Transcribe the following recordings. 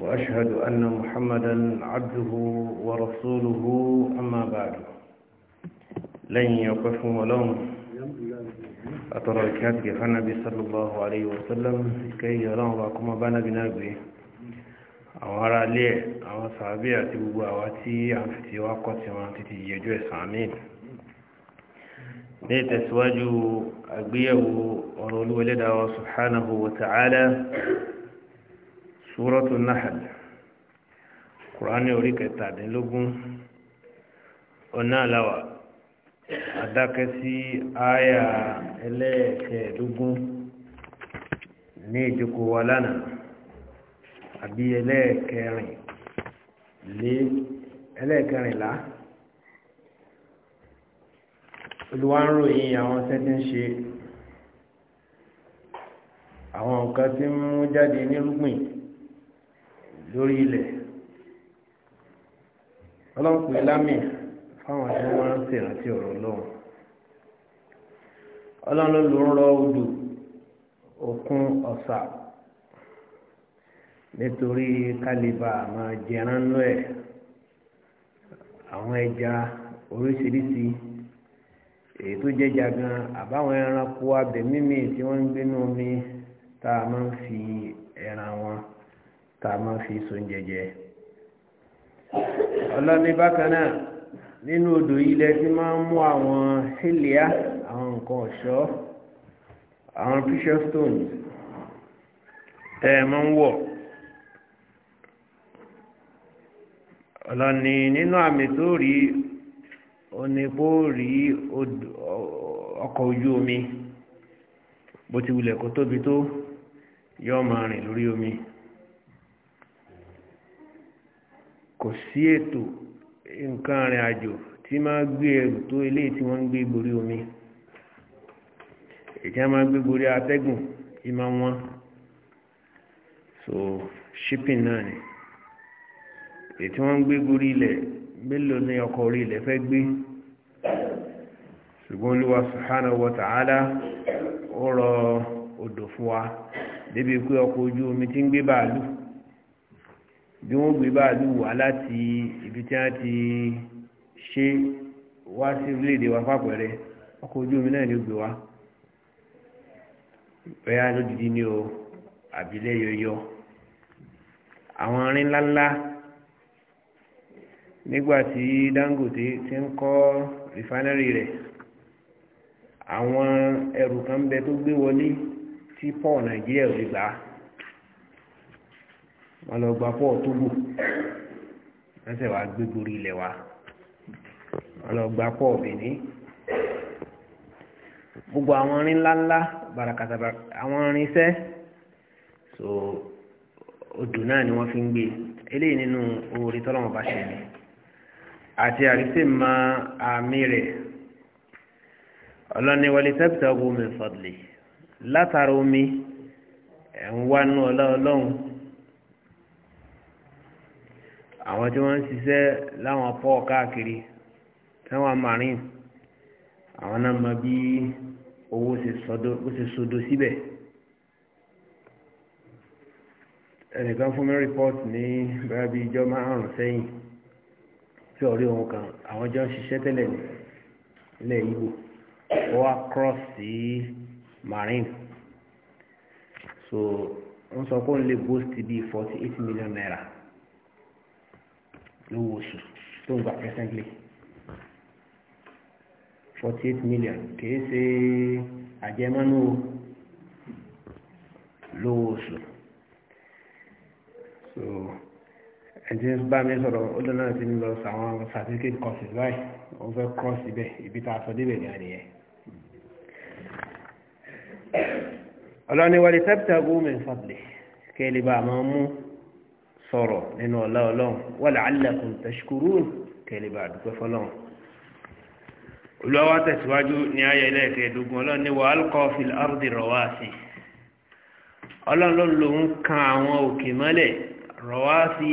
وأشهد أن محمدا عبده ورسوله أما بعد لن يقفهم لهم أترى الكاتب فالنبي صلى الله عليه وسلم كي يرون وكما بنا بنبي àwọn ará ilé àwọn sàábí àti gbogbo àwa tí a ń fi wá kọ́ tí wọ́n ti ti yẹjú ẹ̀sàn àmín ní ìtẹ̀síwájú àgbéyẹ̀wò ọ̀rọ̀ olúwẹ̀lẹ́dàwọ̀ subhanahu wa ta'ala Suratu Nahl Kùránì orí kẹtàdínlógún ọ̀nà àláwà adákẹ́ sí àyà ẹlẹ́ẹ̀kẹ́ẹ̀dógún ní ìjókòó wa lánàá àbí ẹlẹ́ẹ̀kẹrin lé ẹlẹ́ẹ̀kẹrìnlá olúwa ń ròyìn àwọn sẹ́tí ń ṣe àwọn nǹkan tí ń mú jáde nírúgbìn lórí ilẹ̀ ọlọ́pàá lámì fáwọn tí wọ́n ń ṣèrántí ọ̀rọ̀ lọ́wọ́ ọlọ́run ló ń rọ odò òkun ọ̀sà nítorí kálíbà máa jẹran nú ẹ̀ àwọn ẹja oríṣiríṣi èyí tó omi tá a máa ń fi tá a máa fi so oúnjẹ jẹ ọlọ́ni bákan náà nínú odò ilẹ̀ tí máa ń mú àwọn hélíà àwọn nǹkan ọ̀ṣọ́ àwọn precious stones tẹ́ ẹ máa ń wọ̀ ọlọ́ni nínú àmì tó rí onípò rí ọkọ̀ ojú omi bó ti wulẹ̀ kó tóbi tó yọ máa rìn lórí omi. kò sí ètò nǹkan arìn àjò tí máa gbé ẹrù tó ilé tí wọ́n ń gbé borí omi èyí a wọ́n máa gbé borí atẹ́gùn ìmọ̀ wọn so shipping náà ni èyí tí wọ́n ń gbé borí ilẹ̀ mélòó ni ọkọ̀ orí ilẹ̀ fẹ́ gbé ṣùgbọ́n olúwa subhanahu wa ta'ala ó rọ odò fún wa débi pé ọkọ̀ ojú omi ti ń gbé bàálù bí wọ́n gbé báàlù wá láti ibi tí wọ́n ti ṣe wá sí orílẹ̀-èdè wa fàpẹ̀rẹ̀ ọkọ̀ ojú omi náà ni ó gbé wá bẹ́yà lódìdí ní o àbílẹ̀ yọyọ àwọn arìn ńláńlá nígbà tí Dangote ti ń kọ́ rìfánẹ́rì rẹ̀ àwọn ẹrù kan bẹ tó gbé wọlé tí pọ̀ Nàìjíríà ò lè gbà á wọn lọ gba pọ́ọ̀ tóbò wọ́n sẹ̀ wá gbé gorí ilẹ̀ wa wọn lọ gba pọ́ọ̀ bìíní gbogbo àwọn irin ńláńlá barakata àwọn irinṣẹ́ so odò náà ni wọ́n fi ń gbé eléyìí nínú oore tọ́lọ́mọba ṣe ni àti àrísè ma àmì rẹ̀ ọlọ́ni wọlé tẹ́pítà ogun mi fọ́dùlẹ̀ látara omi ẹ̀ ń wá nú ọlọ́ọ̀lọ́hún àwọn tí wọ́n ń ṣiṣẹ́ láwọn pọ̀ káàkiri táwọn marine àwọn náà mọ bí owó ṣe sodo síbẹ̀ ẹnìkan fún mi report ní bẹ́ẹ̀ bí ijọ́ márùn-ún sẹ́yìn tí ọ̀rí òun kan àwọn jọ ń ṣiṣẹ́ tẹ́lẹ̀ ní ilẹ̀ Ìgbò ó wá cross sí marine so wọ́n sọ pé òun lè boost bíi forty eight million naira lówó oṣù tó ń gbà presently forty eight million kìí ṣe àjẹmọ́nú lówó oṣù so ẹ̀jẹ̀ bá mi sọ̀rọ̀ ó lọ́nà tí ń lọ sàwọn certificate courses báyìí wọ́n fẹ́ cross ibẹ̀ ibi tá a sọ débẹ̀ ní àníyẹn ọlọ́ni wọlé tẹ́pítà gómìn fàbílẹ̀ kẹ́lẹ́ bá a máa mú sọ̀rọ̀ nínú ọlá ọlọ́run wala allakum tashkurun kẹlẹ́bà àdúpẹ́ fọlọ́run. olùwàwá tẹ̀síwájú ní ayé ẹlẹ́ẹ̀kẹ́ẹ̀dógún ọlọ́run ní wa alqa fil ardi rawasi ọlọ́run ló ń kan àwọn òkè mọ́lẹ̀ rawasi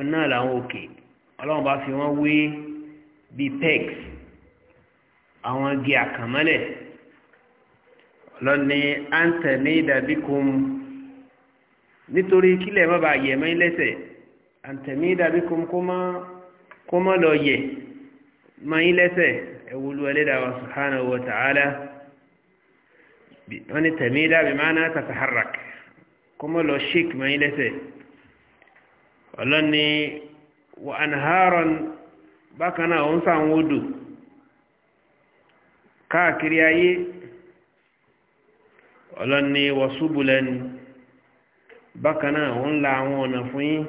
ọ̀nà làwọn òkè ọlọ́run bá fi wọ́n wé bíi pegs àwọn igi àkànmọ́lẹ̀ ọlọ́run ní anta nida bikum nítorí kílẹ̀ má bàa yẹ̀ mọ́yìn lẹ́sẹ̀ àǹtẹ̀mí dàbí kó má lọ yẹ̀ mọ́yìn lẹ́sẹ̀ ẹ̀wùlú ẹlẹ́dàá wa subhanahu wa ta'ala wọ́n ní tẹ̀mí dàbí máa ná tàtàhárák kó má lọ ṣík mọ́yìn lẹ́sẹ̀ ọlọ́ni wa anharan bákan náà ó káàkiri ayé ọlọ́ni wa subulan bákan náà wọ́n ń la àwọn ọ̀nà fún yín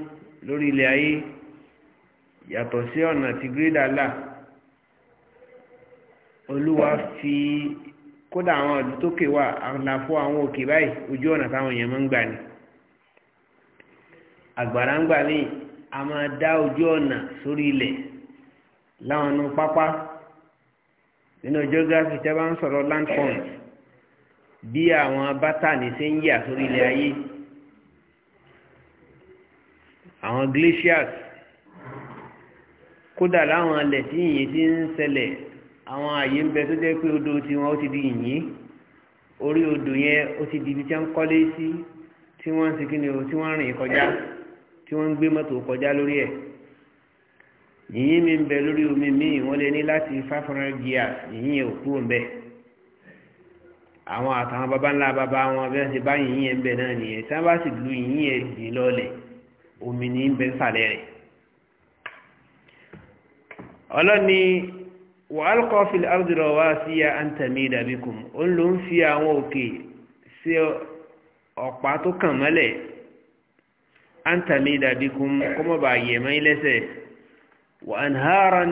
lórí ilẹ̀ ayé yàtọ̀ sí ọ̀nà tí gírídà là olúwa fi kódà àwọn ọ̀dún tókè wà àlàfo àwọn òkè báyìí ojú ọ̀nà táwọn èèyàn máa ń gbà ní àgbàrá ń gbà ní a máa dá ojú ọ̀nà sórí ilẹ̀ láwọn inú pápá nínú geography tí a bá ń sọ̀rọ̀ land forms bí àwọn bátà ní ṣe yà sórí ilẹ̀ ayé àwọn glaciers kódà láwọn alẹ̀ tí yìnyín ti ń ṣẹlẹ̀ àwọn àyè ń bẹ tó jẹ́ pé odò tiwọn ó ti di yìnyín orí odò yẹn ó ti di ibi tí wọ́n ń kọ́lé sí tí wọ́n ń sikini o tí wọ́n ń rìn kọjá tí wọ́n ń gbé mọ́tò kọjá lórí ẹ̀ yìnyín mi ń bẹ lórí omi míì wọ́n lè ní láti five hundred years yìnyín ò kúrò ń bẹ́ẹ̀ àwọn àtàwọn baba ńlá baba wọn bí wọn ṣe bá yìnyín yẹn bẹ náà nìyẹn tí wọn bá sì lu yìnyín yẹn dì lọlẹ omi ní bẹ nsàlẹ̀ rẹ̀ ọlọ́ni wa alqa fil ardi rawasiya an tamida bikum ó ń lò ń fi àwọn òkè sí ọ̀pá tó kàn mọ́lẹ̀ an tamida bikum kó má bàa yẹ̀ mọ́ ilẹ́sẹ̀ wa anharan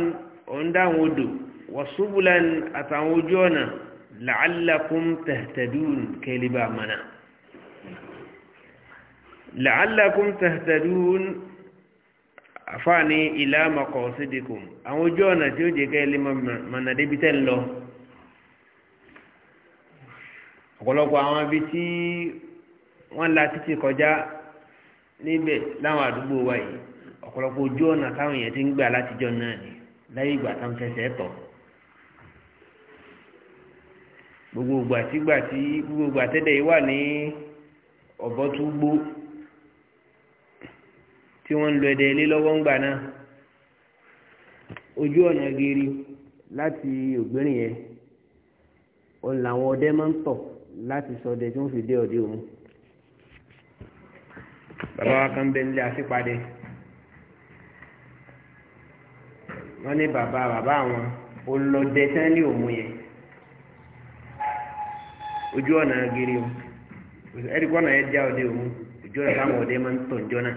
ó ń dáhùn odò wa subulan àtàwọn ojú ọ̀nà la'allakum tahtadun kẹ́lẹ́bà mọ́nà la'allakum tahtadun àfáàní ìlà maqasidikum àwọn ojú ọ̀nà tí ó jẹ́ ká ilé mọ̀nà débi tẹ́ ń lọ ọ̀pọ̀lọpọ̀ àwọn ibi tí wọ́n la títì kọjá níbẹ̀ láwọn àdúgbò wa yìí ọ̀pọ̀lọpọ̀ ojú ọ̀nà táwọn èèyàn ti ń gbà látijọ́ náà ni láyé ìgbà táwọn fẹsẹ̀ tọ̀ gbogbo ìgbà tí gbogbo ìgbà tẹ́lẹ̀ yìí wà ní ọ̀bọ̀túgbó tí wọ́n ń lọ ẹ̀dẹ̀ ilé lọ́wọ́ ń gbà náà ojú ọ̀nà gírí láti ògbérìn yẹn òun làwọn ọdẹ máa ń tọ̀ láti ṣọdẹ tí wọ́n fi dé ọdẹ òun bàbá wa kan bẹ nílé àṣípadẹ wọ́n ní bàbá bàbá àwọn olọdẹ tán ní òun yẹn ojú ọ̀nà gírí o ẹ̀rí kọ́nà já ọdẹ òun ojú ọ̀nà táwọn ọdẹ máa ń tọ̀ ǹjọ́ náà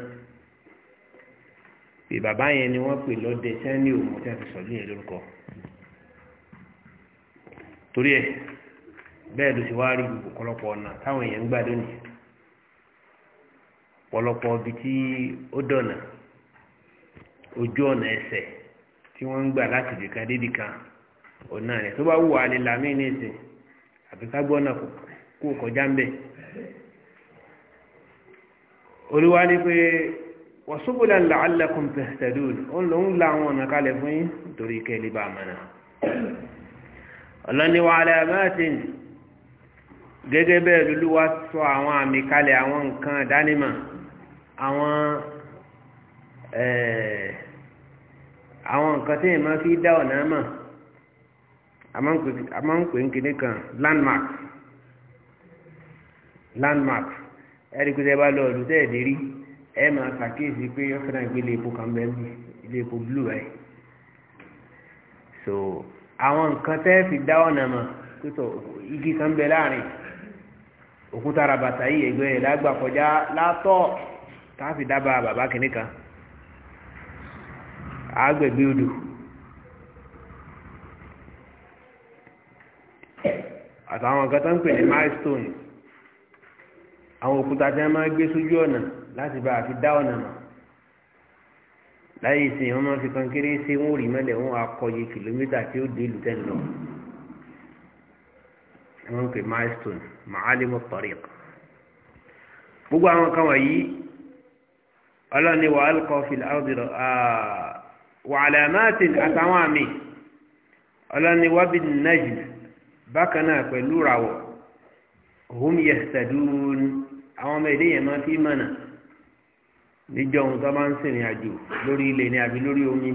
pé yẹn ni wọ́n pè lọ́dẹ tí wọ́n ní òun tí wọ́n fi sọ̀rọ̀ yẹn lórúkọ torí ẹ bẹ́ẹ̀ ló ti wá rí gbogbo ọ̀pọ̀lọpọ̀ ọ̀nà táwọn èèyàn ń gbà lónìí ọ̀pọ̀lọpọ̀ ibi tí ó dọ̀nà ojú ọ̀nà ẹsẹ̀ tí wọ́n ń gbà láti dìka dédì kan ọ̀nà rẹ̀ tó bá wù wá lè làmì ní ìsìn àbí ká gbọ́nà kó kọjá ń bẹ̀ olúwa ní pé wàsúbùlà làálàkùn tẹ̀sẹ̀dùn òun lòun la àwọn ọ̀nà kalẹ̀ fún yín torí kẹ́lẹ́ bá mọ̀nà ọlọ́niwà alẹ́mẹ́tìn gẹ́gẹ́ bẹ́ẹ̀ lulúwa sọ àwọn àmì kalẹ̀ àwọn nǹkan ìdánimọ̀ àwọn àwọn nǹkan tí èèmọ́ fi dá ọ̀nà mọ̀ a máa ń pè kan landmark landmark ẹ̀rí kúta ẹ bá lọ ọ̀dùn ẹ máa ṣàkíyèsí pé ó fẹ́ràn ìgbé ilé epo kan bẹ́ẹ̀ bí ilé epo blue ẹ̀ so àwọn nǹkan tẹ́ fi dá ọ̀nà mọ̀ pẹ̀tọ̀ igi kan bẹ láàrin òkúta rabata yìí ẹgbẹ́ ẹ̀ lágbà kọjá látọ̀ tá a fi dábàá bàbá kìnnì kan àgbẹ̀gbẹ́ odò àtàwọn nǹkan tó ń pè ní milestone àwọn òkúta tí wọ́n máa gbé sójú ọ̀nà láti bá àfi dá ọ̀nà mọ̀ láyé ìsìn wọn máa fi kankéré ṣe wọn ò rí mọ́lẹ̀ wọn akọyè kìlómítà tí ó dé ìlú tẹ́ lọ wọn pè milestone ma'alimu tariq gbogbo àwọn kan wọ̀nyí ọlọ́ni wà alkọ́fìl áwùdìrọ̀ wà àlàmáàtì àtàwọn àmì ọlọ́ni wábí najm bákan náà pẹ̀lú ràwọ̀ hum yahtadun àwọn ọmọ èdè yẹn máa fi mọ̀nà níjọ ohun tó máa ń sìnrìn àjò lórí ilẹ̀ ni àbí lórí omi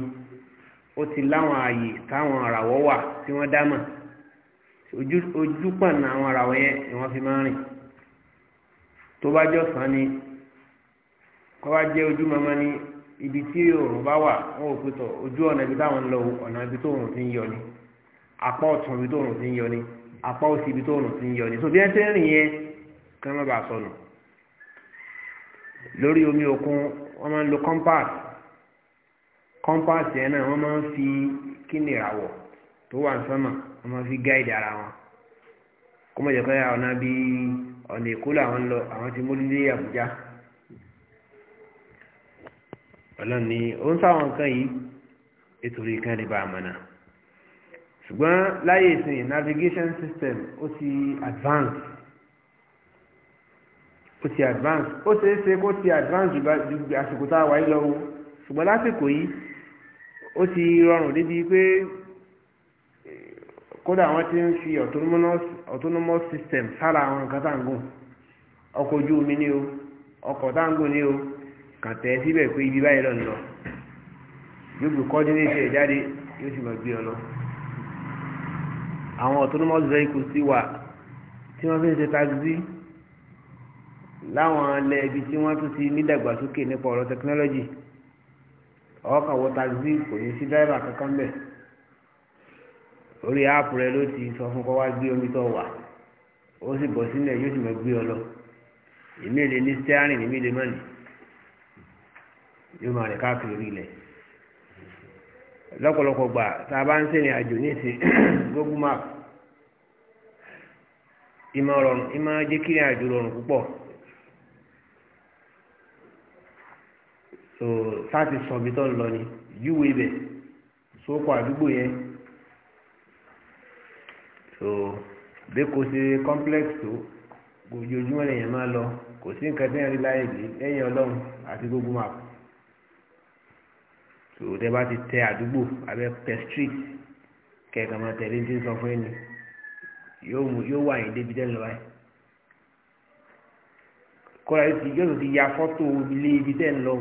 ó ti láwọn ààyè táwọn àràwọ̀ wà tí wọ́n dá mọ̀ ojúpọ̀nà àwọn àràwọ̀ yẹn ni wọ́n fi máa ń rìn tó bá jọ̀sán ni kó bá jẹ́ ojú mọ́mọ́ ni ibi tí òòrùn bá wà wọn ò pé tọ ojú ọ̀nà ibi táwọn ń lọ ọ̀nà ibi tó òòrùn ti ń yọ ni apá ọ̀tún ibi tó òòrùn ti ń yọ ni apá òsì ibi tó òòrùn ti ń yọ ni so ẹ ti ń rìn yẹn kí wọ́n má sọnù lórí omi òkun wọ́n máa ń lo compass compass yẹn náà wọ́n máa ń fi kíni ìràwọ̀ tó wà ní sánmà wọ́n máa fi gáìdì ara wọn kó mọ̀jẹ̀ pé ọ̀nà bíi ọ̀nà èkó làwọn lọ àwọn ti mórí dé àbújá ọlọ́ni ó ń sáwọn nǹkan yìí ètòrí kan lè bá a mọ̀nà ṣùgbọ́n láyé ìsìn navigation system ó ti advance ó ti advance ó ṣeé ṣe kó ti advance ju àsìkò tá a wáyé lọ o ṣùgbọ́n lásìkò yìí ó ti rọrùn débi pé kódà wọ́n ti ń fi autonomous autonomous system sára àwọn nǹkan tá à ń gùn ọkọ̀ ojú omi ni o ọkọ̀ tá à ń gùn ni o kàn tẹ̀ síbẹ̀ pé ibi báyìí lọ lọ yóò gbé coordinate ẹ̀ jáde yóò sì máa gbé ọ lọ àwọn autonomous vehicles ti wà tí wọ́n fi ń ṣe taxi láwọn alẹ́ ibi tí wọ́n tún ti nídàgbàsókè nípa ọ̀rọ̀ tẹkinọ́lọ́jì ọkàn wọ taxi kò ní sí dáìbà kankan bẹ̀ orí áàpù rẹ ló ti sọ fún kọ́ wá gbé omi tó wà ó sì bọ̀ sílẹ̀ yóò sì mọ̀ gbé ọ lọ èmi lè ní steering èmi lè mọ̀nì yóò máa rìn káàkiri orí ilẹ̀ lọ́pọ̀lọpọ̀ gbà tá a bá ń sẹ́yìn àjò ní ìsìn Google map ìmọ̀ rọrùn ìmọ̀ jẹ́ kí ìrìn àjò rọrùn púpọ̀. so sáàtì sọ̀bi tó ń lọ ni yúwe ibẹ̀ sókò àdúgbò yẹn so bí kò sí complex tó ojoojúmọ́ lèèyàn máa lọ kò sí nǹkan tẹ́yìn rí láyé lé lẹ́yìn ọlọ́run àti gbogbo map so tẹ́ bá ti tẹ àdúgbò abẹ́ tẹ street kẹ̀kẹ́ máa tẹ̀lé tí ń sọ fún ẹni yóò mú yóò wà yín débi tẹ́lẹ̀ wáyé kọ́ra yóò ti yóò ti ya fọ́tò ilé ibi tẹ́ ń lọ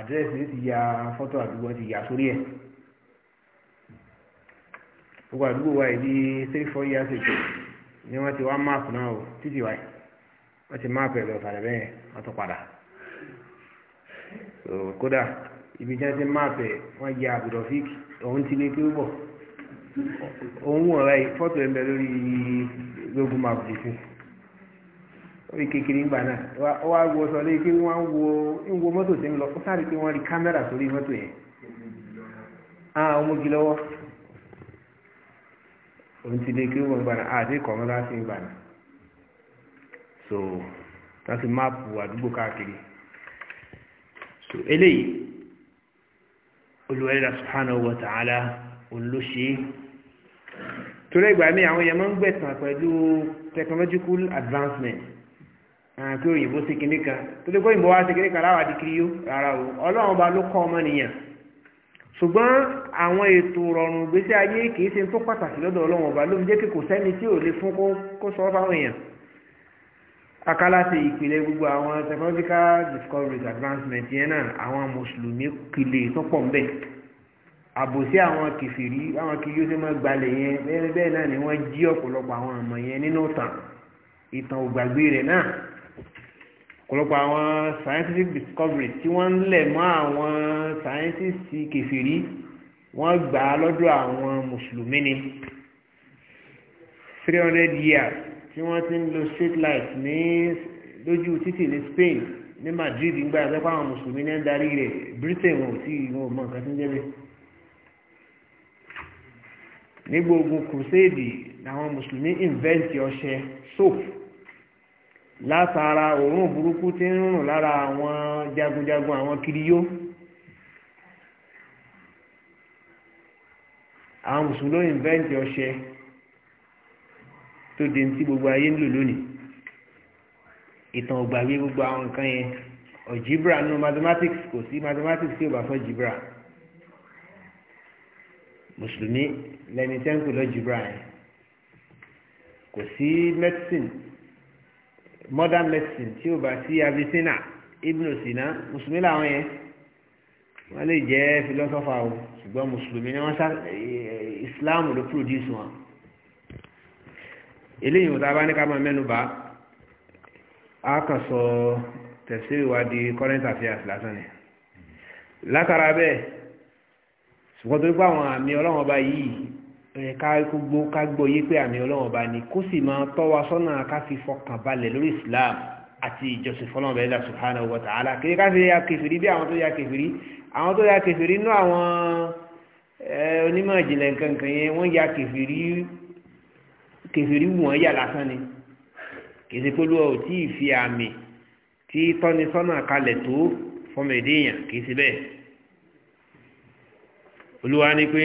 àdírẹ́sì yóò ti ya fọ́tò àdúgbò ti yà sórí ẹ̀ gbogbo àdúgbò wa yìí bíi three four years ago ni wọ́n ti wá máàpù náà o títí wáyé wọ́n ti máàpù ẹ̀ lọ sàlẹ̀ bẹ́ẹ̀ wọ́n tún padà kódà ibi tí wọ́n ti máàpù ẹ̀ wọ́n ya àbùdọ̀fíìkì òun ti lé kí ó bọ̀ òun wọ̀n ráyè fọ́tò ẹ̀ ń bẹ lórí Google map dìfín orí kékeré ńgbà náà ó wá wo sọ lé pé wọ́n ń wo mọ́tò tí ń lọ ó sáré pé wọ́n rí kámẹ́rà sórí mọ́tò yẹn àwọn ọmọge lọ́wọ́ òun ti lè kí wọ́n gbà náà àti ìkọ̀mọ́ láti ń gbà náà so láti máàpù àdúgbò káàkiri so eléyìí olùwẹ́rẹ́dà subhanahu wa ta'ala olóṣè torí ìgbà míì àwọn èèyàn máa ń gbẹ̀sán pẹ̀lú technological advancement àti òyìnbó sí kinní kan tó dé kó òyìnbó wá sí kinní kan láwàá di kiri yó rárá o ọlọ́run ọba ló kọ́ ọmọnìyàn ṣùgbọ́n àwọn ètò rọrùn ìgbésí ayé kì í ṣe tó pàtàkì lọ́dọ̀ ọlọ́run ọba ló fi jẹ́ kí kò sẹ́ni tí ò lè fún kó sọ fáwọn èèyàn akálàṣe ìpìlẹ̀ gbogbo àwọn technological discoveries advancement yẹn náà àwọn mùsùlùmí kìlè tó pọ̀ ńbẹ̀ àbòsí àwọn kìfìrí àwọn kìí ó ṣe máa gbalẹ̀ yẹn bẹ́ẹ̀ bẹ́ẹ̀ náà ni wọ́n jí ọ̀pọ̀lọpọ̀ àwọn àmọ̀ yẹn nínú ìtàn ìtàn ògbàgbé rẹ̀ náà ọ̀pọ̀lọpọ̀ àwọn scientific discovery tí wọ́n ń lẹ̀ mọ́ àwọn scientists kẹfìrí wọ́n gbà á lọ́dọ̀ àwọn mùsùlùmí ni three hundred years tí wọ́n ti ń lo street light ní lójú títì ní Spain ní Madrid ńgbà àti àwọn mùsùlùmí ní ń darí rẹ̀ Britain wọn ò tí wọn ò mọ nǹkan tí ń jẹ́ bẹ́ẹ̀ nígbà crusade làwọn mùsùlùmí invent ọṣẹ soap látara òórùn burúkú tí ń rùn lára àwọn jagunjagun àwọn kiriyó àwọn mùsùlùmí ìnvẹ́ǹtì ọṣẹ tó di ní tí gbogbo ayé ń lò lónìí ìtàn ògbàgbé gbogbo àwọn nǹkan yẹn ọ̀jìbra nínú mathematics kò sí mathematics tí ò bá fọ́ jìbra mùsùlùmí lẹni tẹ́ńkù lọ́jìbra yẹn kò sí medicine modern medicine tí ó bá sí Avicenna Ibn Sina mùsùlùmí làwọn yẹn wọ́n lè jẹ́ philosopher o ṣùgbọ́n mùsùlùmí ni wọ́n sá eh, Islam ló produce wọn eléyìí wọ́n bá ní ká máa mẹ́nu bá a kàn sọ tẹ̀síwì wa di current affairs lásán ni látara bẹ́ẹ̀ ṣùgbọ́n torí pé àwọn àmì ọlọ́wọ́n bá yìí ká gbọ́ yé pé àmì ọlọ́run ọba ni kó sì máa tọ́ wa sọ́nà ká fi fọkàn balẹ̀ lórí islam àti ìjọsìn fọlọ́n bẹ̀rẹ̀ Allah subhanahu wa ta'ala kí ká fi ya kẹfìrí bí àwọn tó ya kẹfìrí àwọn tó ya kẹfìrí nú àwọn onímọ̀ ìjìnlẹ̀ nkankan yẹn wọ́n ya kẹfìrí kẹfìrí wù wọ́n yà lásán ni kìsì pẹ̀lú ọ̀ tí ì fi àmì tí tọ́ni sọ́nà kalẹ̀ tó fọmọ yàn kìsì bẹ́ẹ̀ olúwa ni pé.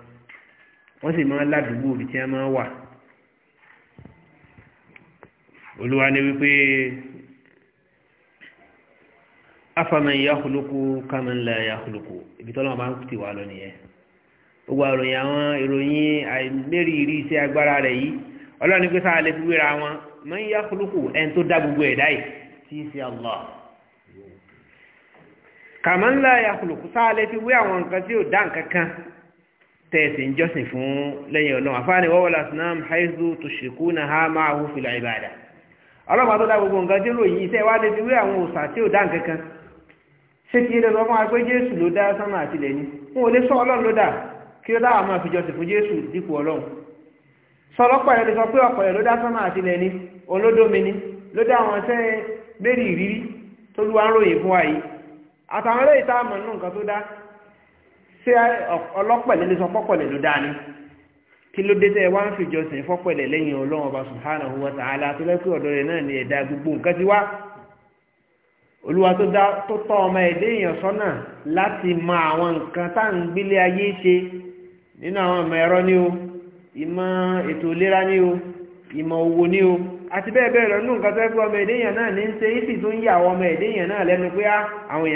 wọ́n sì máa ládùúgbò ibi tí wọ́n máa wà olúwa ni wípé afaman yakhluqu kaman la yakhluqu ibi tọ́lọ́wọ́n bá ń tì wá lọ nìyẹn gbogbo àròyìn àwọn ìròyìn àìmérì ìrí iṣẹ́ agbára rẹ̀ yìí ọlọ́run pé sáà lè fi wéra wọn man yakhluqu ẹni tó dá gbogbo ẹ̀dá yìí tí í ṣe Allah kaman la sáà lè fi wé àwọn nǹkan tí ò dá nǹkan kan tẹ́ẹ̀sì ń jọ́sìn fún lẹ́yìn ọ̀nà àfáàní wọ́wọ́ haizu tó na ha máa hù fìlà ìbàdà ọlọ́run gbogbo nǹkan tí ó yìí iṣẹ́ wá débi wí àwọn òòsà tí dá jésù ló dá àti wọn sọ ọlọ́run ló kí ó máa fún jésù dípò ọlọ́run ti sọ pé ọ̀pọ̀ dá ṣé ọlọ́pẹ̀lẹ́ lè sọ pọ́pẹ̀lẹ́ ló dáa ni kí ló dé tẹ́ wá ń lẹ́yìn ọlọ́run ọba subhanahu wa ta'ala tó ọ̀dọ́ rẹ̀ náà ni ẹ̀dá gbogbo nǹkan ti wá olúwa tó dá tó ọmọ ẹ̀dá èèyàn sọ́nà láti mọ àwọn nǹkan tá à ń gbélé ayé ọmọ ẹ̀rọ ni o ìmọ̀ o ìmọ̀ ni o àti bẹ́ẹ̀ bẹ́ẹ̀ lọ nínú nǹkan tó ọmọ ẹ̀dá èèyàn náà ní ń ṣe ọmọ ẹ̀dá èèyàn náà lẹ́nu pé ah, àwọn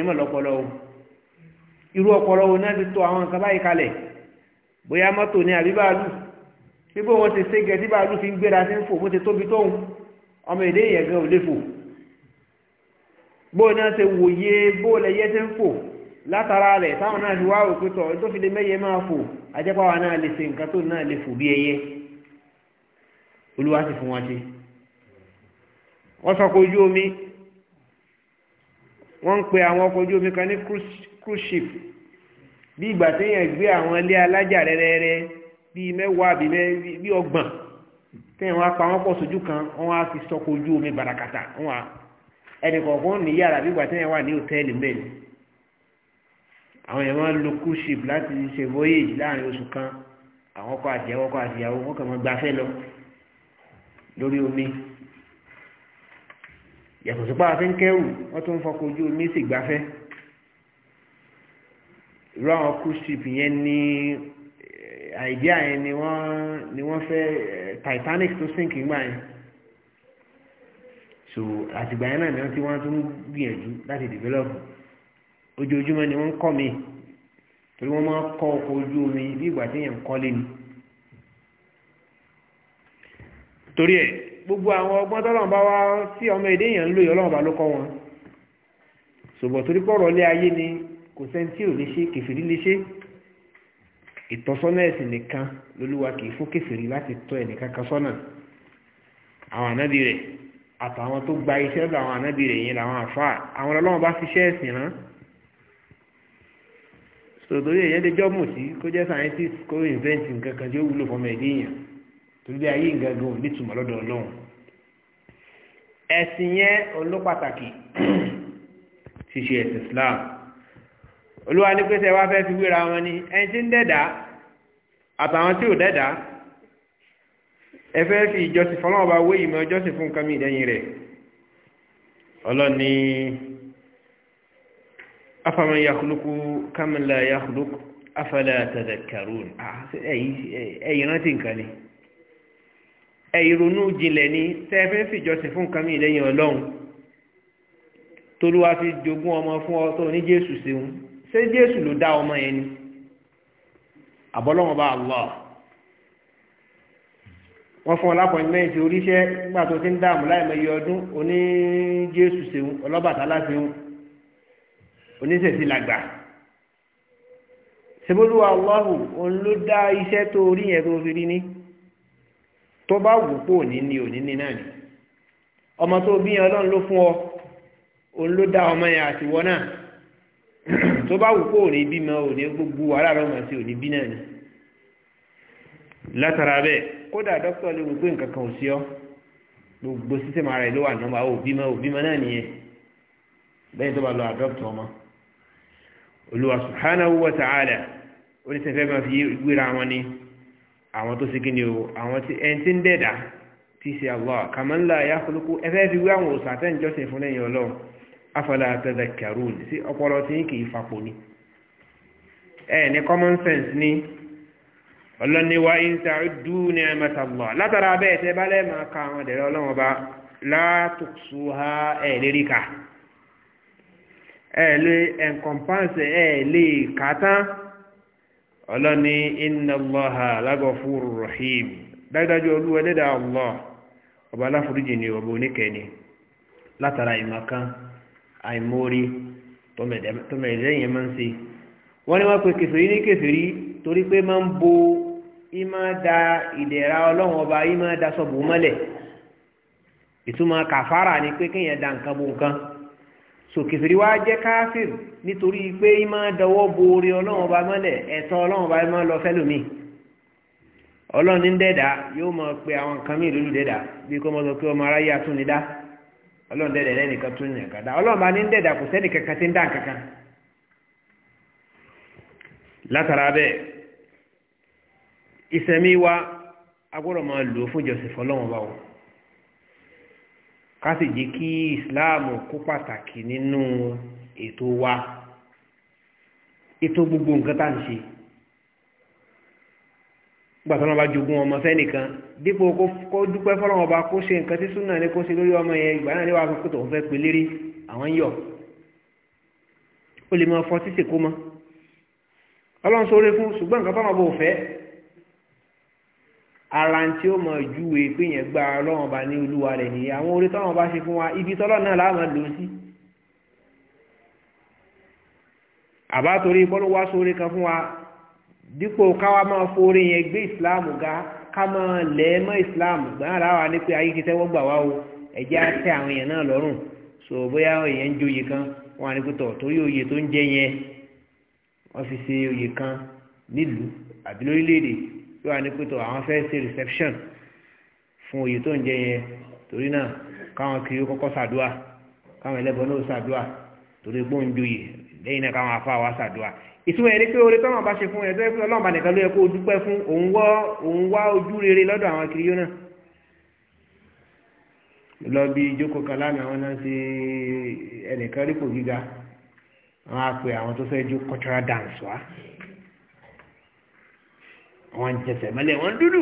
irú ọpọlọ wo náà ti tó àwọn nǹkan báyìí kalẹ̀ bóyá mọ́tò ni àbí bàálù bíbó wọn ti ṣe gẹ̀ẹ́dí bàálù fi ń gbéra sí ń fò bó ti tóbi tóun ọmọ èdè yẹn gan ò lè fò bó náà ṣe wòye bó lẹyẹ ti ń fò látara rẹ̀ táwọn náà fi wá òkú tọ̀ tó fi lè mẹ́yẹ máa fò ajẹ́páwa náà lè ṣe nǹkan tó náà lè fò bí ẹyẹ olúwa sì fún wọn ṣe wọ́n sọ pé ojú omi wọ́n ń pe àwọn ọkọ̀ ojú omi kan ní cruise ship bí ìgbà téèyàn gbé àwọn ilé alájà rẹ́rẹ́rẹ́ bíi mẹ́wàá àbí bíi ọgbọ̀n téèyàn wá pa wọ́n pọ̀ sójú kan wọ́n á fi sọ́kọ̀ ojú omi bàràkàtà wọ́n á ẹnì kọ̀ọ̀kan ní yàrá bí ìgbà téèyàn wà ní hòtẹ́ẹ̀lì mẹ́rin àwọn èèyàn máa ń lo cruise ship láti ṣe voyage láàrin oṣù kan àwọn ọkọ̀ àti àwọn ọkọ̀ àti ìyàwó wọn kàn máa gbafẹ́ lọ lórí omi yàtọ̀ sí pa àfi ń kẹ́rù wọ́n tún ń fọkọ̀ ojú omi sì gbafẹ́ irú àwọn cruise ship yẹn ní àìdíà eh, yẹn ni wọ́n ni wọ́n fẹ́ eh, Titanic tó sink ńgbà yẹn so àtìgbà yẹn náà ni wọ́n ti wọ́n tún gbìyànjú láti develop ojoojúmọ́ ni wọ́n ń kọ́ mi torí wọ́n máa ń kọ́ ọkọ̀ ojú omi bí ìgbà tí yẹn ń kọ́lé ni torí ẹ̀ gbogbo àwọn ọgbọ́n tọ́lọ́run bá wá sí ọmọ èdè èèyàn ń lò yìí ọlọ́run bá ló kọ́ wọn ṣùgbọ́n torí pọ̀rọ̀ lé ayé ni kò sẹ́ni tí ò lè ṣe kèfèrí lè ṣe ìtọ́sọ́nà ẹ̀sìn nìkan lolúwa kì í fún kèfèrí láti tọ́ ẹnìkan kan sọ́nà àwọn ànábì rẹ̀ àtàwọn tó gba iṣẹ́ lọ́dọ̀ àwọn ànábì rẹ̀ yẹn làwọn àfa àwọn ọlọ́wọ́n bá ṣiṣẹ́ ẹ̀sìn rán sòtòrí èyàn lè jọ́ mùsí kó jẹ́ scientist kó invent nǹkan kan tí ó wúlò fọmọ ẹ̀dí torí ayé ìgangan ò nítumọ̀ lọ́dọ̀ ọlọ́run ẹ̀sìn yẹn olópàtàkì ti ṣe ẹ̀sìn Islam olúwa ní pé sẹ́wá fẹ́ fi wéra wọn ni ẹni tí ń dẹ̀dá àtàwọn tí ò dẹ̀dá ẹ fẹ́ fi ìjọsìn fọlọ́wọ́n bá wé ìmọ̀ ìjọsìn fún nǹkan mi ìdẹ́yìn rẹ̀ ọlọ́ni afaman yakhluqu kaman la yakhluqu afala tadhakkarun ah, ẹ̀yìn rántí nǹkan ni ìrònú jinlẹ̀ ni tẹ́fẹ́ fìjọsìn fún nǹkan mìíràn lẹ́yìn ọlọ́run tolúwa fi jogún ọmọ fún ọ tó ní jésù ṣeun ṣé jésù ló dá ọmọ yẹn ni àbọ́lọ́wọ́n bá Allah wọ́n fún ọ lápọ̀nmẹ́ǹtì oríṣẹ́ nígbà tó ti ń dààmú láìmọye ọdún oní jésù ṣeun ọlọ́bàtálá ṣeun oníṣẹ̀ṣì làgbà ṣebólúwa Allah òun ló dá iṣẹ́ tó orí yẹn tó fi rí ni tó bá wù pé òní ni òní ni náà ni ọmọ tó bí ọlọ́run ló fún ọ òun ló dá ọmọ yẹn àti wọ náà tó bá wù pé òní bímọ òní gbogbo wàhálà rẹ ọmọ àti òní bí náà ni látara bẹ́ẹ̀ kódà dókítà lè wù pé nǹkan kan ò sí ọ gbogbo sísèmù ara ẹ ló wà nọmba òbímọ òbímọ náà nìyẹn bẹ́ẹ̀ tó bá lọ àdọ́pítà ọmọ olùwà subhanahu wa ta'ala oníṣẹ́fẹ́ máa fi wéra wọn ni àwọn tó sì kí ni o àwọn tí ẹni tí ń dẹ̀dá tí ṣe Allah kàmánlá ya kúlùkù ẹfẹ́ fi wé àwọn òsàtẹ́ ìjọsìn fún lẹ́yìn ọlọ́run afọlá tadhakkarun sí ọpọlọ tí kì í fapò ni ẹ ní common sense ni ọlọ́ni wa in ta'uddu Allah látara bẹ́ẹ̀ tẹ́ bá lẹ́ẹ̀ máa ka àwọn ẹ̀dẹ̀rẹ́ ọlọ́run ọba la tuksuha ẹ̀ lérí ka ẹ̀ lé encompass ẹ̀ lè kàtán ọlọ́ni inna Allaha lágọ̀fúrú rahim dájúdájú olúwa ẹlẹ́dàá allah ọba aláforíjì ni ọba oníkẹ́ni látara ìmọ̀kan àìmórí tọmọ ẹ̀dẹ́ yẹn máa ń ṣe wọ́n ní wọ́n pe kèfèrí ní kèfèrí torí pé máa ń bo ìmọ̀ da ìdẹ̀ra ọlọ́run ọba ìmọ̀ da sọ́bù mọ́lẹ̀ ìtumọ̀ kàfàrà ni pé kéèyàn da nǹkan bo nǹkan. so kifiriwa wá jẹ́ káfíìr nítorí pé ìmọ̀ dọwọ́ bo orí ọlọ́run ọba mọ́lẹ̀ ẹ̀tọ́ ọlọ́run ọba mọ́ lọ fẹ́lòmíì ọlọ́run ní dẹ́dà yóò mọ̀ pé àwọn nǹkan míì lólu dẹ́dà bí kò mọ̀ sọ pé ọmọ aráyé atúnidá ọlọ́run dẹ́dà lẹ́nìkan tún ní dá bá ní kò kankan tí ń wa máa lò ká sì jẹ́ kí ìsìláàmù kó pàtàkì nínú ètò wa ètò gbogbo nǹkan tá à ń ṣe gbà tó náà bá jogún ọmọ sẹ́nìkan dípò kó dúpẹ́ fọlọ́wọ́n ọba kó ṣe nǹkan tí súnà ní kó ṣe lórí ọmọ yẹn ìgbà náà ní wàá kó tòun fẹ́ pe léré àwọn yọ ó lè máa fọ títì kó mọ́ ọlọ́run sọ orí fún ṣùgbọ́n nǹkan fáwọn ọba ò fẹ́ ara tí ó mọ júwe pé yẹn gba ọlọ́run ọba ní olúwa rẹ̀ nìyí àwọn orí tọ́lọ́run ọba ṣe fún wa ibi tọ́lọ́run náà láàmú lò sí. àbá torí kọ́ló wá sóore kan fún wa dípò káwa máa forí yẹn gbé ìsìláàmù ga ká máa lẹ́ mọ́ ìsìláàmù gbọ́n ara wa ní pé ayé ti tẹ́wọ́ gbà wá o ẹ̀jẹ̀ á tẹ àwọn èèyàn náà lọ́rùn so bóyá èèyàn ń joyè kan wọn àní pẹ́tọ̀ torí oyè tó ń jẹ yẹn wọ́n fi ṣe oyè kan nílùú àbí lórílẹ̀‐èdè yóò wá ní pẹ̀tọ̀ àwọn fẹ́ ṣe reception fún oyè tó ń jẹ yẹn torí náà káwọn kiri kọ́kọ́ ṣàdúà káwọn ẹlẹ́bọ náà ṣàdúà torí gbóhùn joyè lẹ́yìn náà káwọn afọ àwa ṣàdúà ìtumọ̀ ẹni pé orí tọ́nà bá ṣe fún ẹ̀dọ́ ẹ̀fún ọlọ́ọ̀bà nìkan ló yẹ kó o dúpẹ́ fún òun wá òun wá ojú rere lọ́dọ̀ àwọn kiri yóò náà lọ bí ìjókòó kan lánàá àwọn náà ṣe ẹnìkan rípò gíga wọn á pe àwọn tó fẹ́ jó cultural dance wá wọ́n ń jẹsẹ̀ mẹ́lẹ̀ wọ́n dúdú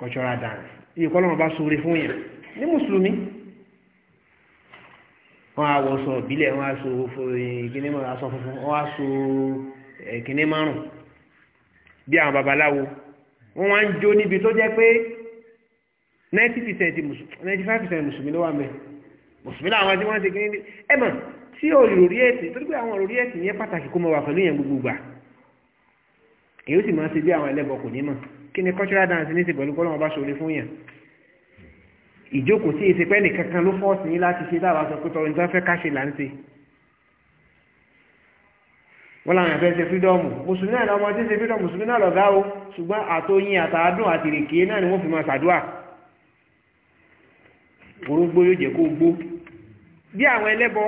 cultural dance iye kọ́ lọ́wọ́ bá sóore fún yẹn ní mùsùlùmí wọ́n á wọṣọ ìbílẹ̀ wọ́n á so eh, kíní mọ́ aṣọ funfun wọ́n á so eh, kíní márùn bí àwọn babaláwo wọ́n wá ń jó níbi tó jẹ́ pé ninety percent ninety five percent mùsùlùmí ló wà mẹ́ mùsùlùmí làwọn tí wọ́n ń ṣe kíní ẹ̀ mọ̀ tí òròrí ẹ̀sìn torí pé àwọn òròrí ẹ̀sìn yẹn pàtàkì kó mọ̀ wà pẹ̀lú yẹn gbogbo gbà èyí ó sì máa ṣe bí àwọn ẹlẹ́bọ kò ní mọ̀ kí ni cultural dance ní ti pẹ̀lú kọ́lọ́ wọn bá ṣòro fún yàn ìjókòó tí èsì pẹ́ẹ́nì kankan ló fọ́ọ̀sì yín láti ṣe dábàá sọ pé tọrọ nítorí fẹ́ ká ṣe là ń ṣe wọ́n làwọn ẹ̀fẹ́ ṣe fídọ́ọ̀mù mùsùlùmí náà lọ́mọ tí ń ṣe fídọ́ọ̀mù mùsùlùmí náà lọ́gá o ṣùgbọ́n àtòyìn àtàádùn àti ìrèké náà ni wọ́n fi máa ṣàdúrà orógbó yóò jẹ́ kó gbó bí àwọn ẹlẹ́bọ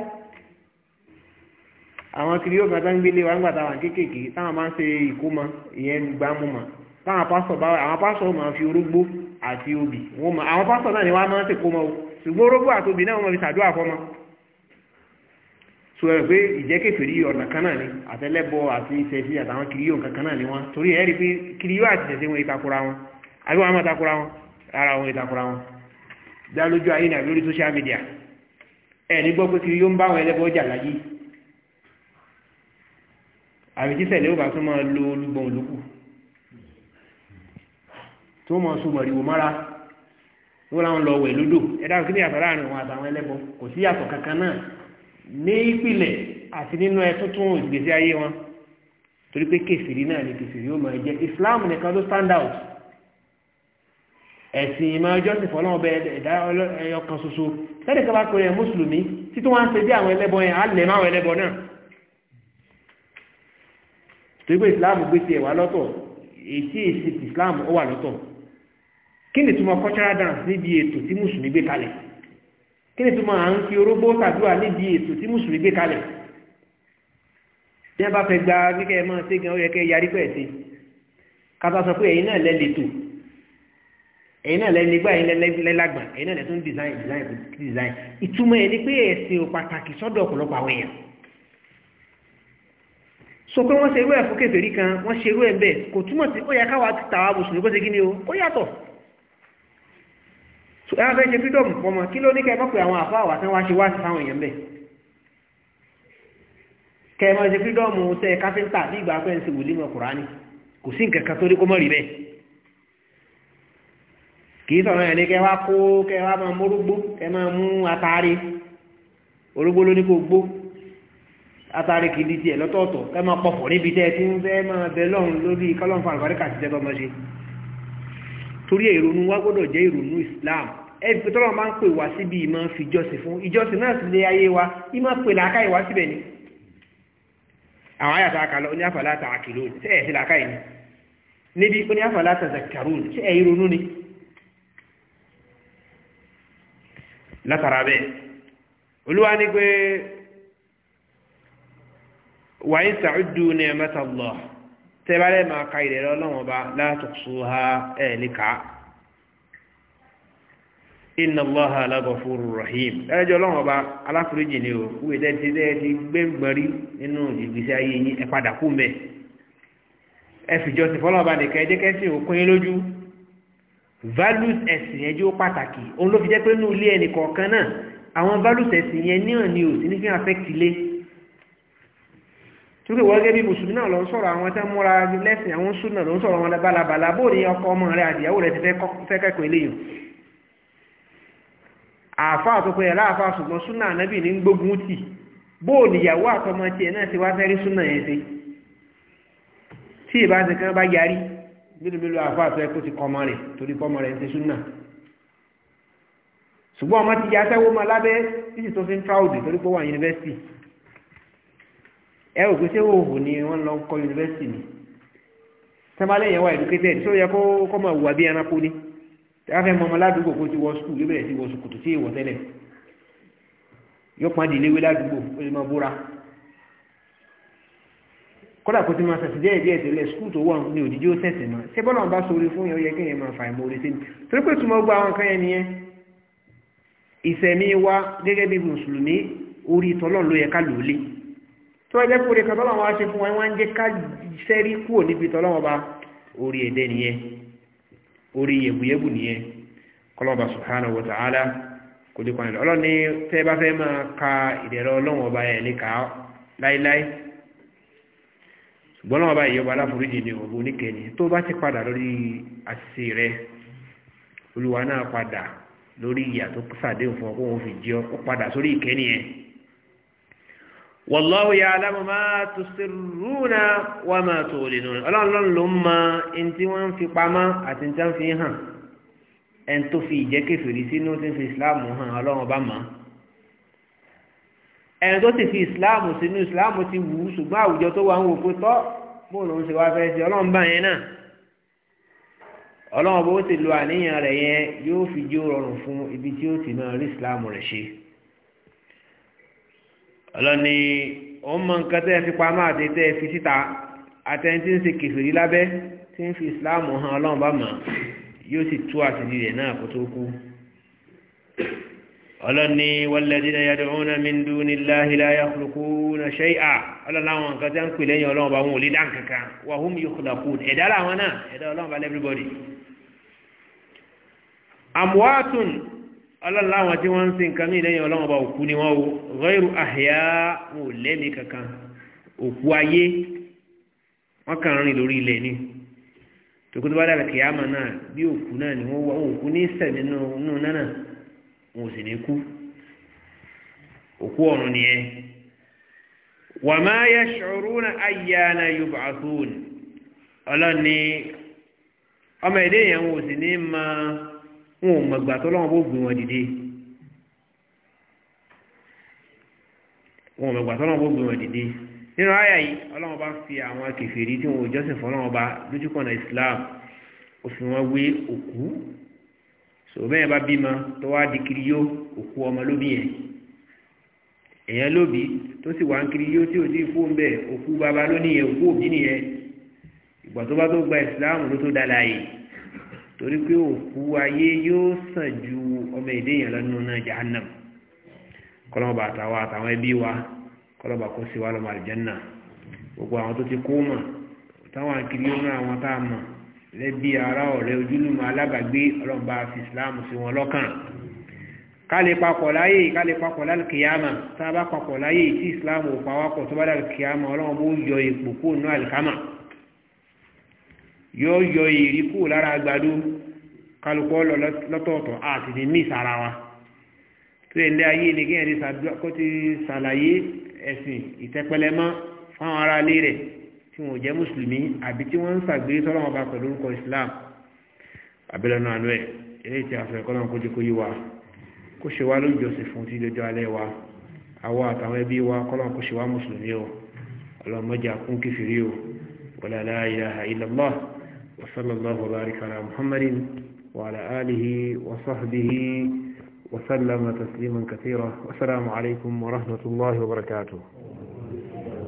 àwọn kiri yóò gbàtà ń gbélé wa ńgbà táwọn kéékèèké táwọn máa ń ṣe ìkómọ ìyẹn gbámú mọ táwọn pásọ bá àwọn pásọ máa fi orógbó àti obì wọn mọ àwọn pásọ náà ni wọn máa ń ṣèkómọ o ṣùgbọ́n orógbó àti obì náà wọn fi ṣàdúrà fọmọ. sọ ẹ pé ìjẹ́kẹ̀fẹ̀rí ọ̀nà kan náà ni àtẹlẹ́bọ àti ìṣẹ̀ṣì àtàwọn kiri yóò kankan náà ni wọn torí ẹ rí i pé kiri yóò àti ìṣẹ̀ṣì wọn ìtakora wọn àbí wọn máa takora wọn ara wọn ìtakora social media ẹ ní gbọ́ pé kiri yóò ń bá àwọn ẹlẹ́bọ àbí tí sẹ̀lẹ̀ ó bá tún máa lo olúgbọ̀n olókù tó mọ̀ sọ mọ̀rìwò mọ́ra wọ́n láwọn lọ wẹ̀ lódò ẹ̀dá kí ni yàtọ̀ láàrin wọn àtàwọn ẹlẹ́bọ kò sí yàtọ̀ kankan náà ní ìpìlẹ̀ àti nínú ẹ tuntun ìgbésí ayé wọn torí pé kèfèrí náà ni kèfèrí ó máa jẹ́ Islam nìkan ló stand out ẹ̀sìn ìmọ̀ ọjọ́ sì fọ́lọ́ ọbẹ̀ ẹ̀dá ọ̀kan ṣoṣo sẹ́dẹ̀kẹ́ bá pẹ̀lú ẹ̀ mùsùlùmí títí wọ́n á ṣe bí àwọn ẹlẹ́bọ yẹn á lẹ̀ máwọn ẹlẹ́bọ náà torí pé ìsìláàmù gbé tiẹ̀ wá lọ́tọ̀ èsì èsì ìsìláàmù ó wà lọ́tọ̀ kí ni túmọ̀ cultural dance níbi ètò tí mùsùlùmí gbé kalẹ̀ kí ni túmọ̀ à ń fi orógbó tàdúrà níbi ètò tí mùsùlùmí gbé kalẹ̀ bí wọ́n bá fẹ́ gba kíkẹ́ ẹ máa ṣe gan ó yẹ yarí pẹ̀ sí kátà sọ pé ẹ̀yin náà lẹ́ lẹ́tò ẹ̀yin náà lẹ́ nígbà ẹ̀yin lẹ́ lágbà ẹ̀yin náà lẹ́ tún design design design ìtumọ̀ ẹ̀ ni pé ẹ̀sìn ò pàtàkì sọ́dọ̀ ọ̀pọ̀lọpọ̀ àwọn èèyàn so pé wọ́n ṣe irú ẹ̀ fún kèfèrí kan wọ́n ṣe irú ẹ̀ bẹ́ẹ̀ kò túmọ̀ sí ó yẹ káwa tàwa mùsùlùmí kó ṣe kí ni o ó yàtọ̀ so ẹ̀rọ fẹ́ ṣe freedom pọ̀mọ̀ kí ló ní kẹ́ ẹ mọ̀ pé àwọn àfa àwà tán wá ṣe wá sí fáwọn èèyàn bẹ́ẹ̀ kẹ́ ẹ mọ̀ ṣe freedom tẹ káfíńtà bí atari kìdí tiẹ̀ lọ́tọ̀ọ̀tọ̀ ẹ máa pọ̀fọ̀ níbi tẹ́ tí ń fẹ́ máa bẹ lọ́run lórí kọ́lọ́n fún àlùbáríkà ti tẹ́gbọ́n mọ́ ṣe torí ìrònú wa gbọ́dọ̀ jẹ́ ìrònú Islam ẹbí tọ́lọ́ máa ń pè wá síbi ìmọ̀ fi jọ́sìn fún ìjọsìn náà sì lé ayé wa ìmọ̀ pè làákà ìwá síbẹ̀ ni àwọn àyàtà àkàlọ́ ní àfàlà àtà àkìlò ṣé ẹ̀ sí làákà yìí níbi ó ni látara bẹ́ẹ̀ wàyí tàcúdù ní ẹ̀mẹ́ta lọ tẹ́bàlẹ́ máa ka ìdẹ̀rẹ́ ọlọ́wọ́n bá látọ̀sù ha ẹ̀ níka inna allaha lagafuru rahim ẹjọ́ ọlọ́wọ́n bá aláforíjì ni o wíwé dẹ́ẹ̀tì dẹ́ẹ̀tì gbẹ́ngbẹ́rí nínú ìgbésí ayé yín ẹ padà kú mẹ́ ẹ fìjọ sí fọlọ́wọ́n bá nìkan ẹjẹ́ kẹ́sì òkun yín lójú values ẹ̀sìn yẹn jẹ́ pàtàkì òun ló fi jẹ́ pé nínú ilé ẹnì kọ̀ọ̀kan náà àwọn values ẹ̀sìn yẹn níhàn ni ò sí ní fi hàn torí wọ́n gẹ́gẹ́ bí mùsùlùmí náà lọ ń sọ̀rọ̀ àwọn tẹ́ múra lẹ́sìn àwọn súnà ló ń sọ̀rọ̀ wọn balabala bó ní ọkọ ọmọ rẹ àdìyàwó rẹ ti fẹ́ kẹ́kọ̀ọ́ eléyìí àfa àtọkọ yẹn láàfa ṣùgbọ́n súnà ànábì ní gbógun tì bó níyàwó àtọmọ tiẹ̀ náà ti wá fẹ́ rí súnà yẹn ṣe tí ìbá ti kan bá yarí mílùmílù àfa àtọ ẹkọ ti kọ ọmọ rẹ torí kọ ọmọ rẹ ti súnà ṣùgbọ́n ọmọ ti yà sẹ́wọ́ mọ́ ẹ ò gbèsè òhò ni wọ́n lọ kọ́ yunifásitì ni sẹ́mbálẹ̀ yẹn wà educated tó yẹ kó kọ́ máa wùwà bí ẹranko ni tẹ́fẹ́ mọ́mọ́ ládùúgbò kó ti wọ skul yóò bẹ̀rẹ̀ sí wọ sùkùtù sí ìwọ̀ tẹ́lẹ̀ yóò pọ́n di iléwé ládùúgbò ó lè máa búra kódà kó ti máa sẹ̀sì díẹ̀ díẹ̀ tẹ́lẹ̀ skul tó wọ̀ ní òdìjú ó sẹ̀sì mọ́ ṣé bọ́lá bá sọ fún yẹn ó yẹ máa fà ìmọ̀ orí sí ni torí pé túmọ̀ gbọ́ àwọn kan yẹn nìyẹn ìsẹ̀mí wa tó ẹjẹ́ kúrè kan tọ́lọ́wọ́ wá ṣe fún wọn wọ́n ń jẹ́ ká sẹ́rí kúrò níbi tọ́lọ́wọ́ bá orí èdè nìyẹn orí yẹ̀bùyẹ̀bù nìyẹn ta'ala kò dé kwanilẹ̀ tẹ́ ka ìdẹ̀rọ ọlọ́wọ́ ya ẹ̀ ní ká láíláí ṣùgbọ́n ọba ìyọba aláforíjì ni ọ̀bọ oníkẹ́ni tó bá ti padà lórí àṣìṣe rẹ olùwà náà padà lórí ìyà tó sàdéhùn wallahu ya'lamu ma tusirruna wa ma tu'linuna ọlọ́run ló ń mọ ẹni tí wọ́n ń fi pamọ́ àti ní tí wọ́n fi hàn ẹni tó fi ìjẹ́ kèfèrí sínú tí ń fi ìsìláàmù hàn ọlọ́run ọba mọ́ ẹni tó ti fi ìsìláàmù sínú ìsìláàmù ti wù ú ṣùgbọ́n àwùjọ tó wà ń wò pé tọ́ bóun ló ń ṣe wá fẹ́ ṣe ọlọ́run bá yẹn náà ọlọ́run bó ti lo àníyàn rẹ̀ yẹn yóò fi jó rọrùn fún ibi tí ó ti máa rí ìsìláàmù rẹ̀ ṣe ọlọ́ni ó mọ nǹkan tẹ́ ẹ fi pamọ́ àti tẹ́ ẹ fi síta àtẹni tí ń ṣe kèfèrí lábẹ́ tí ń fi ìsìláàmù hàn ọlọ́run bá mọ̀ yóò sì tú àṣírí rẹ̀ náà kó tó kú. ọlọ́ni walladhina yad'una min dunillahi la yakhluquna shay'a ọlọ́run láwọn nǹkan tẹ́ ń pè lẹ́yìn ọlọ́run bá wọn ò lè dá nǹkan kan wa ọlọ́run láwọn tí wọ́n ń sin nǹkan míì lẹ́yìn ọlọ́run ọba òkú ni wọ́n wo ghayru ahya wọn ò lẹ́mí kankan òkú ayé wọ́n kàn rìn lórí ilẹ̀ ni tòkútù bá dàbẹ̀ kìyàmà náà bí òkú náà ni wọ́n wá òkú ní sẹ̀mí nínú náà wọn ò sì ní kú òkú ọ̀run nìyẹn. wa ma yash'uruna ayyana yub'athun ọlọ́ni ọmọ èdè wọn ò sì ní máa wọn ò mọ̀gbà tó lọ́wọ́ bó gbìn wọn dìde wọn ò mọ̀gbà tó lọ́wọ́ bó gbìn wọn dìde nínú àyà yìí ọlọ́wọ́ bá fi àwọn kèfèrí tí wọn ò jọ́sìn fọlọ́wọ́ bá lójúkọ̀nà Islam ó fi wọn wé òkú sọ bẹ́ẹ̀ bá bímọ tó wá di kiri yó òkú ọmọ lóbi yẹn èèyàn lóbi tó sì wá ń kiri yó tí ò tí fóun bẹ́ẹ̀ òkú baba lónìí òkú òbí nìyẹn ìgbà tó bá tó gba Islam ló tó dára yìí torí pé òkú ayé yóò sàn ju ọmọ èdè yẹn lọ́nà náà jahannam kọlọ́mọba àtàwọn àtàwọn ẹbí wa kọlọ́mọba kó sí wa lọ́mọ àlìjánná gbogbo àwọn tó ti kó mọ̀ táwọn akiri ó rán àwọn tá a mọ̀ lẹ́bí ara ọ̀rẹ́ ojúlùmọ̀ alábàgbé ọlọ́mọba fi islam sí wọn lọ́kàn kálí papọ̀ láyé kálí papọ̀ lálùkìyàmà tá a bá papọ̀ láyé tí islam ò pa wákọ̀ tó bá dàlùkìyàmà ọlọ́mọba yóò yọ ìrí kù lára àgbàdo kálukú ọlọ lọ́tọ̀ọ̀tọ̀ àti ní mí sára wa tó yẹ ní ayé ni kéèyàn ti kó ti ṣàlàyé ẹ̀sìn ìtẹpẹlẹmọ fáwọn ará ilé rẹ̀ tí wọn ò mùsùlùmí àbí tí wọ́n ń ṣàgbé sọ́lọ́ wọn bá pẹ̀lú orúkọ islam abẹ́lẹ́nu àánú ẹ̀ eléyìí tí a sọ ẹ̀kọ́ náà kó jẹ́ kó yí wa kó ṣe wá lójú ọ̀sẹ̀ fún ti dọjọ́ alẹ́ wa àwa àtàwọn ẹbí wa kọ́lọ́n kó ṣe wá mùsùlùmí o ọlọ́mọdé akún o wala la ilaha illallah وصلى الله وبارك على محمد وعلى آله وصحبه وسلم تسليما كثيرا والسلام عليكم ورحمة الله وبركاته